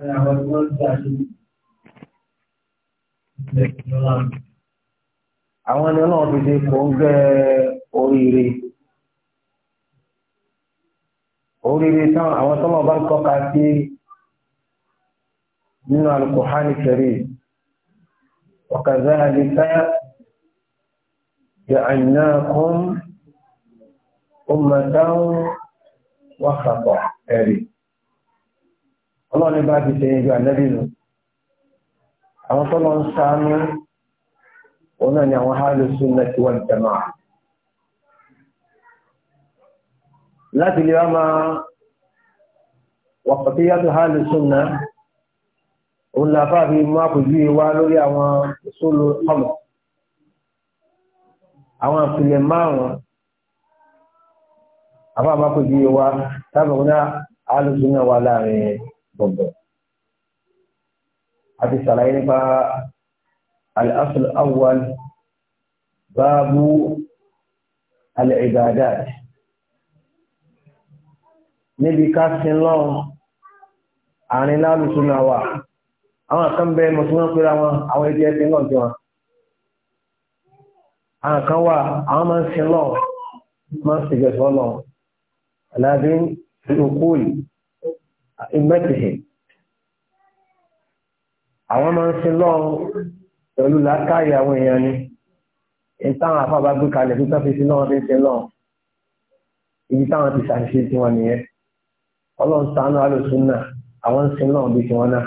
àwọn tí wọ́n ń gbà ní ilẹ̀ ìjọba. Àwọn ẹni náà fi ṣe kò ń gbẹ oríire. Oríire tán àwọn tó wọ́n bá ń tọ́ka sí nínú Al-Qur'ani Karim. وكذلك جعلناكم أمة وسطا. أريد ọlọ́run bá ti ṣẹyìn ju ànábì nù àwọn tó lọ ń sáánú òun náà ni àwọn hálù súnmọ́ tí wọ́n jẹ máa láti lè wá máa wàpàtí yàtọ̀ hálù súnmọ́ òun làbá fi mú àpòjú wa lórí àwọn ìṣòro ọmọ àwọn àpilẹ̀ márùn-ún àbá àbápòjú wa tábà wọn hálù súnmọ́ wà láàrin yẹn. تفضل حديث علينا الأصل الأول باب العبادات níbi ká sin lọ́run àárín lálùsùnà wà àwọn kan bẹ mọ̀sùnmọ́ pẹ́ra wọn àwọn ẹgbẹ́ ẹgbẹ́ náà jọ wọn àwọn kan wà àwọn máa ń sin lọ́run máa ń sèjọ́ sọ́lọ́run أمتهم àwọn máa ń sin lọ́run pẹ̀lú làákàyè àwọn èèyàn ni ní táwọn àfáàbá gbé kalẹ̀ tó tán fi sin lọ́run fi ń sin lọ́run ibi táwọn ti ṣàṣìṣe tí wọ́n nìyẹn ọlọ́run sànú alòsùn náà àwọn ń sin lọ́run bí tiwọn náà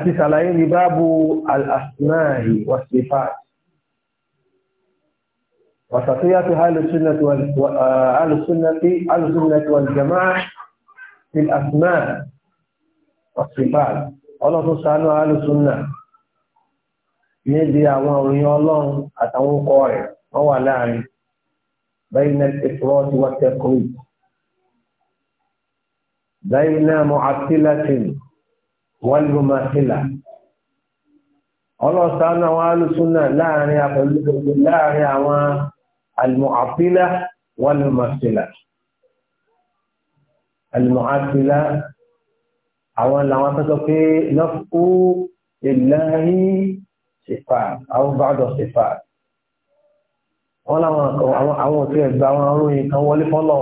wọ́n àwọn ní báàbù al-asma'i وسطية أهل السنة أهل السنة أهل السنة والجماعة في الأسماء والصفات الله سبحانه أهل السنة níbi àwọn òròyìn ọlọ́run àtàwọn ọkọ rẹ̀ wọ́n wà láàrin bẹ́ẹ̀nà ìfúrọ́ ti wọ́n tẹ́kọ̀ọ́ bẹ́ẹ̀nà mọ̀átílátì wọ́n ló máa sílà ọlọ́sàn àwọn alùsùn náà láàrin àwọn المعطلة والممثلة المعطلة أولا وتتقي نفق لله صفات أو بعض الصفات wọ́n láwọn àwọn òtí ẹ̀gbà àwọn aróyìn kan wọlé fọ́lọ̀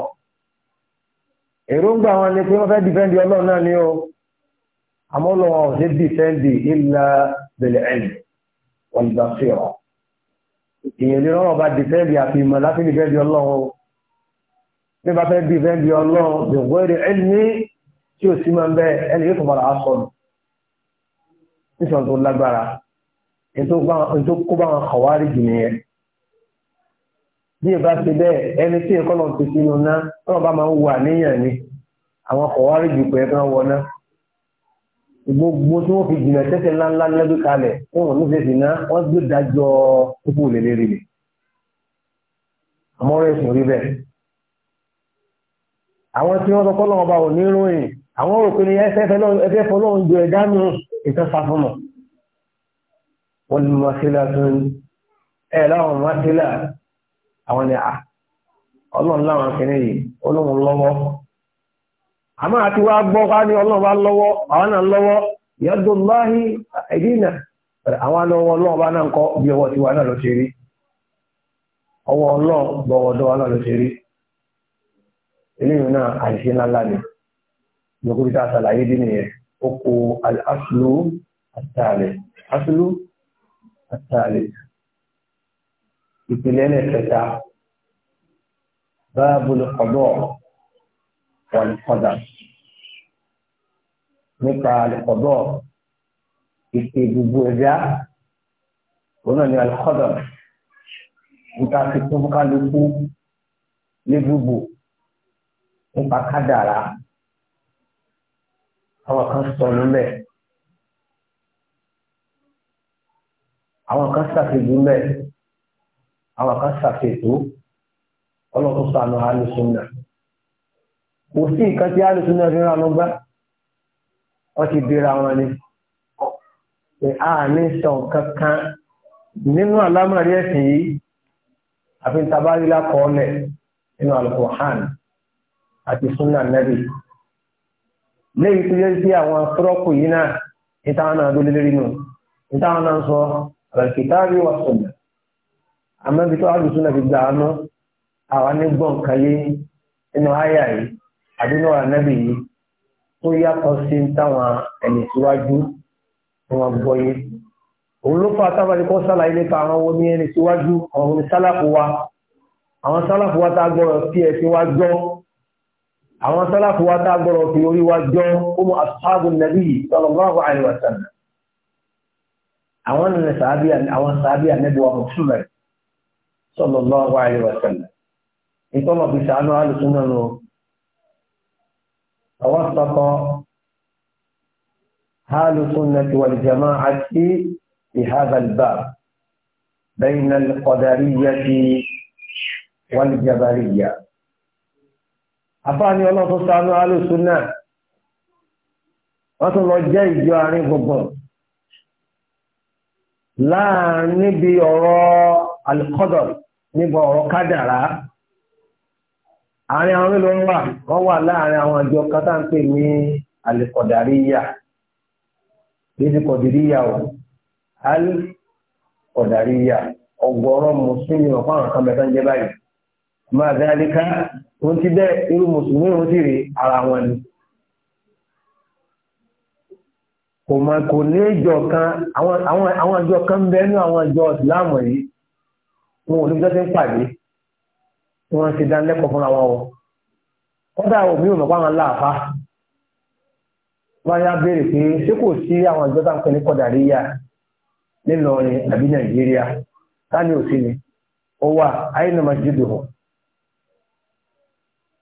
èròǹgbà wọn ni pé wọ́n fẹ́ dìfẹ́ndì ọlọ́run náà ni ó àmọ́ lọ́wọ́ ọ̀sẹ̀ dìfẹ́ndì ìlà bẹ̀lẹ̀ ẹ̀lì wọ́n ìgbà sí èèyàn lè rọrọ bá dìfẹ́ǹdì àfihàn láti dìfẹ́ǹdì ọlọ́run bí bá fẹ́ dìfẹ́ǹdì ọlọ́run gbogbo èrè ẹni tí ò sí máa ń bẹ ẹni yóò tó padà á sọnù nítorí tó lágbára ètò kó bá wọn kọ̀wárí jù nìyẹn bí ẹ bá ṣe bẹ́ẹ̀ ẹni tí ẹ̀kọ́ náà ti sínú ná náà bá máa ń wà níyàn ni àwọn kọ̀wárí jù pé ẹ gbogbo tí wọ́n fi jìnà tẹ́sẹ̀ ńláńlá lẹ́gbẹ́ kalẹ̀ fún wọn nífẹ̀ẹ́ sí náà wọ́n gbé dájọ́ púpọ̀ lélẹ́ rẹ̀ àmọ́rọ̀ ẹ̀sùn rí bẹ́ẹ̀ àwọn tí wọ́n sọkọ́ lọ́wọ́ bá wọn ní ròyìn àwọn rò pé ní ẹfẹ́ fọlọ́run jọ ẹ̀dá nù ìtàn sáfọ́nà wọ́n ní masila tó ń ẹ̀ láwọn masila àwọn ni ọlọ́run láwọn kìnnìyàn àmọ́ àti wá gbọ́ wá ní ọlọ́run lọ́wọ́ àwọn náà lọ́wọ́ yàtọ̀ ẹ̀dínà àwọn alọ́wọ́ náà kọ́ bí ọwọ́ tiwa náà lọ rí ọwọ́ ọlọ́run a ìpìlẹ̀ ọ̀dọ́ والقدر nípa àlùkọ̀dọ̀ ìpè gbogbo ẹ̀dá òun náà ni àlùkọ̀dọ̀ nípa fífún kálukú ní gbogbo nípa kádàrá àwọn kan sọnù mẹ́ àwọn kan ṣàfihàn mẹ́ àwọn kan ṣàfihàn ọlọ́run sànù àlùsùn náà kò sí nǹkan tí alùsùn náà fi ń ra lọ gbá wọ́n ti bèèrè àwọn ni àní sọ nǹkan kan nínú àlámọ̀rí ẹ̀sìn yìí àfi ń tabárí lákọọ́lẹ̀ nínú alukohan àti sunna nabi léyìí tó yẹ sí àwọn sọ́rọ́kù yìí náà nítawọn náà dólé lórí nù nítawọn náà sọ alkitabi wa sunna àmọ́ ibi tó alùsùn náà fi gbà á mọ́ àwọn anígbọ̀n kan yé nínú àyà yìí àdínú ànábì yìí tó yàtọ̀ sí táwọn ẹni síwájú tí wọ́n gbọ́ yé òun ló fà tábàlì kọ́ sálàyé nípa àwọn owó ní ẹni síwájú àwọn omi sálàfù wa àwọn sálàfù wa tá gbọ́rọ̀ sí ẹ sí wa jọ́ àwọn sálàfù wa tá gbọ́rọ̀ sí orí wa jọ́ ó mú asáàbù nàbí sallallahu alaihi wa sallam àwọn nìyẹn sàábì àwọn sàábì ànábì wa mùsùlùmí sallallahu alaihi fi sàánú alùsùn náà فوسط أهل السنة والجماعة في هذا الباب بين القدرية والجبرية أفاني الله سبحانه على السنة وصل الجيد يعني فضل لا نبي أرى القدر نبي أرى قدرة àárín àwọn mélòó ń wà wọ́n wà láàárín àwọn àjọ kátà ń pè ní alikọ̀dáríyà lẹ́sí kọ̀dáríyà o alikọ̀dáríyà ọ̀gọ̀rọ̀ mùsùlùmí ọ̀pọ̀ àwọn kan mẹ́ta ń jẹ́ báyìí máa dá alíká wọ́n ti bẹ́ irú mùsùlùmí wọ́n sì rí ara wọn ni kò mọ̀ kò ní ìjọ kan àwọn àjọ kan ń bẹ́ẹ̀ nú àwọn àjọ ìsìláàmù yìí wọn ò ní bí wọ́n ti ń pàdé wọn ti dán lẹ́kọ̀ọ́ fúnra wọn o kọ́dà omi ò mọ̀pá wọn láàfá wọ́n yá béèrè pé ṣé kò sí àwọn ìjọ tá ń pè ní kọ̀dàríyà nílọrin àbí nàìjíríà tani òsì ni ó wà masjidu hàn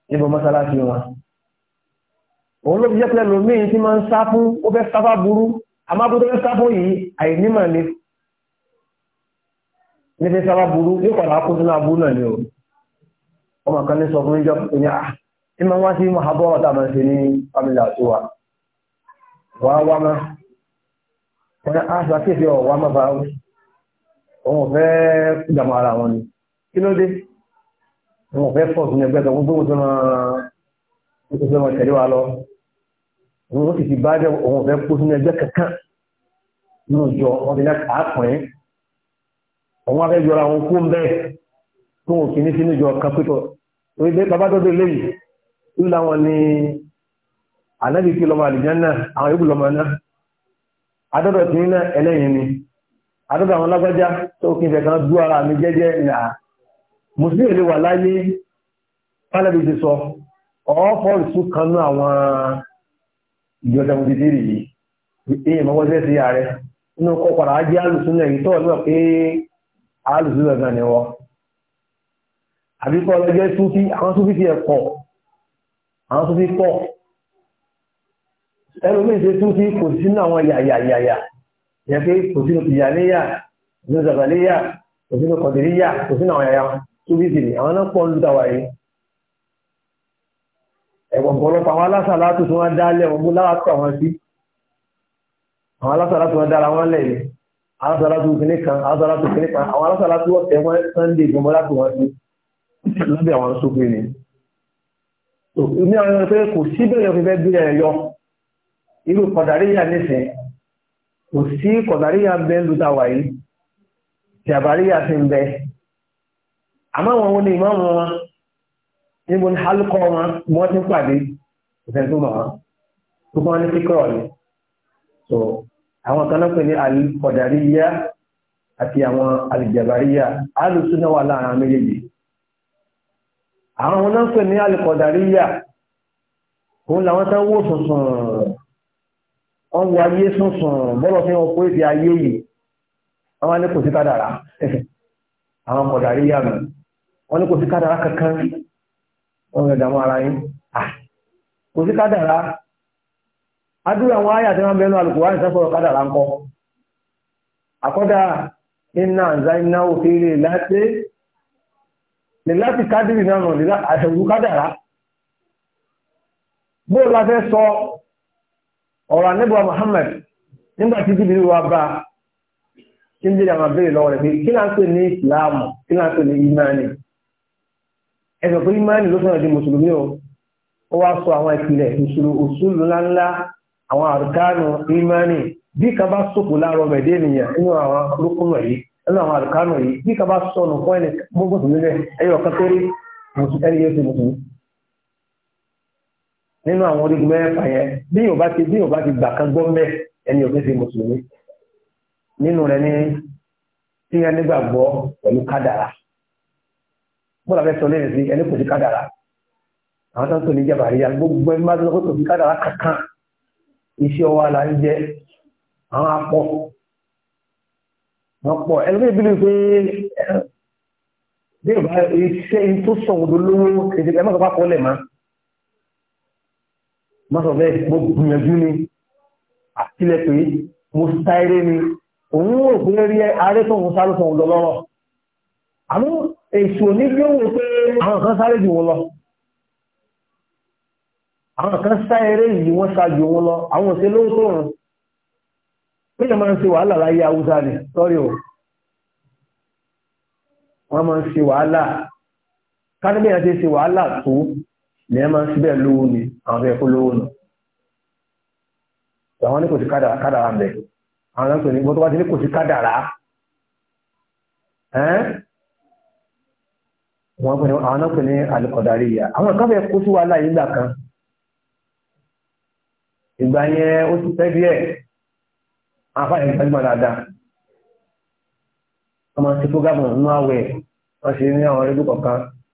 níbo mọ́sálásí wọn òun ló fi jẹ́ pẹ́lú míì tí máa ń sá fún ó fẹ́ sáfá burú àmọ́ abúlé ń yìí àìnímọ̀ ni ní fi sáfá burú yóò kó sínú ọmọ kan ní sọ fún ìjọ ìyá ah, ẹ máa wá sí mahabọ́ ọ̀tá máa ní family àti wa wá wá má wọn á ah, ṣàkíyèsí ọ̀ wá má bá wí wọn ò fẹ́ dàmú ara wọn ni kí ló dé wọn ò fẹ́ pọ̀ sí ẹgbẹ́ kan gbogbo tó máa tó fẹ́ wọn tẹ̀lé wa lọ wọn ó sì ti bá jẹ́ òun fẹ́ kó sínú ẹgbẹ́ kankan nínú ìjọ wọn ti ní àpọ̀n yẹn òun á fẹ́ yọra òun kó ń bẹ́ẹ̀ tó wọn kì ní sínú ìjọ kan pẹ́tọ̀ orí bẹ́ẹ̀ bàbá dọ́dọ̀ lẹ́yìn tó láwọn ní ànábì kí lọ́mọ àlìjánná àwọn yòókù lọ́mọ náà adọ́dọ̀ tí ní ẹlẹ́yìn ni adọ́dọ̀ àwọn lágbájá tó kí n fẹ́ kan dú ara mi jẹ́jẹ́ nà mùsùlùmí lè wà láyé pálẹ́bí ti sọ ọ̀ọ́fọ́ ìsúkanú àwọn ìjọ 73 yìí èyàn mọ́ wọ́sẹ̀ sí àbí kọ́ lọ jẹ́ súfí àwọn súfí ti ẹ̀kọ́ àwọn súfí pọ̀ ẹnu mi ṣe súfí kò sí nínú àwọn yàyàyàyà yẹ pé kò sínú tìyàníyà kò sínú zàbàlíyà kò sínú kọ̀dìríyà kò sínú àwọn yàyà súfí sì ni àwọn náà pọ̀ ń lùtà wáyé ẹ̀wọ̀n ọ̀pọ̀lọpọ̀ àwọn alásàlá tó tún wá dálẹ̀ ọmọ lára tó àwọn sí àwọn alásàlá tó wá dára wọn lẹ̀ yìí alásàlá tó kìnnìkan alásàlá tó kìnnìkan àwọn alásàlá tó wọ́n tẹ̀ wọ́n lábẹ́ àwọn sófin ni ní àwọn ọmọ pé kò sí bẹ̀rẹ̀ fífẹ́ bí ẹ̀ yọ irú kọ̀dàríyà nísìn kò sí kọ̀dàríyà bẹ́ ń lùtà yìí jàbàríyà ti ń ni ìmọ̀ọ́mù wọn níbo ni ń pàdé ìfẹ́ wọn so àwọn kan náà pè ní alìkọ̀dàríyà àti àwọn alìjàbàríyà alùsùn náà méjèèjì àwọn onáfẹ́ ní alìkọ̀dàríyà òun làwọn tán wó sùnsùn wọ́n wo ayé sùnsùn bọ́lọ̀ fi hàn pé ti ayé yìí àwọn ní kò sí kádàrá àwọn kọ̀dàríyà mi wọ́n ní kò sí kádàrá kankan wọ́n rẹ̀ dàmú ara yín ah! kò sí kádàrá adúrà àwọn ayà tí wọ́n bẹ̀rù alùkùránì sọ́sọ̀rọ̀ kádàrá ń kọ́ àkọ́dà iná àǹzá iná òfin rè láti níláti kádìrì náà nà nílá àṣẹ̀wò kádàrá bóò la fẹ́ sọ ọ̀rọ̀ anẹ́bùwa Muhammad nígbà tí jìbìrì wa bá kí n jẹ́rìí àwọn abẹ́rẹ́ lọ́wọ́ rẹ̀ pé kí là ń pè ní ìsìláàmù kí ń pè ní o ó wá sọ àwọn ìpìlẹ̀ òṣùlù ńláńlá àwọn bí nínú àwọn nínú àwọn àlùkánù yìí bí kaba sọnù fún ẹni mọ́gbọ́sùn níbẹ̀ ẹyọ kan péré ẹni yóò ti mùsùlùmí nínú àwọn orígun mẹ́fà yẹn bí yóò bá ti bí yóò bá ti gbà kan gbọ́ mẹ́ ẹni yóò ti mùsùlùmí nínú rẹ ní tí yẹn nígbàgbọ́ pẹ̀lú kádàrà bọ́lá fẹ́ sọ lẹ́yìn sí ẹni kò sí kádàrà àwọn tó ń tò ní ìjàmbá rí gbogbo ẹni má tó kò kádàrà kankan iṣẹ́ ọwọ́ wọ́n pọ̀ ẹlẹ́gbẹ́ ìbílẹ̀ pé bí ìbá iṣẹ́ tó sọ̀rọ̀ lólówó kejì ẹ má sọ fún akọ́lẹ̀ má má sọ bẹ́ẹ̀ mo gbìyànjú ni àtìlẹ̀ pé mo sáré ni òun ò gbé rí aré tó ń sáré tó ń lọ lọ́rọ̀ àmọ́ èso ní bí ó wò pé àwọn kan sáré jù wọn lọ àwọn kan sáré yìí wọ́n sá jù wọn lọ àwọn òṣèlú tó rùn péjọ máa ń ṣe wàhálà láyé haúsá ni sọ́rí o wọ́n máa ń ṣe wàhálà kánibí yẹn ti ṣe wàhálà tó ní ẹ máa ń síbẹ̀ lówó ni àwọn fẹ́ kó lówó nù àwọn ní kò sí kádàrá ń bẹ̀ àwọn náà ń ní gbọ́dọ̀ wá ní kò sí kádàrá wọ́n pè ní àwọn náà pè ní àwọn kan fẹ́ kó sí wàhálà yìí gbà kan ìgbà yẹn ó àfá ẹ̀ gbajúmọ̀ dáadáa ọmọ ti fúgàmù nínú àwẹ̀ wọ́n ṣe ní àwọn ẹgbẹ́ kọ̀ọ̀kan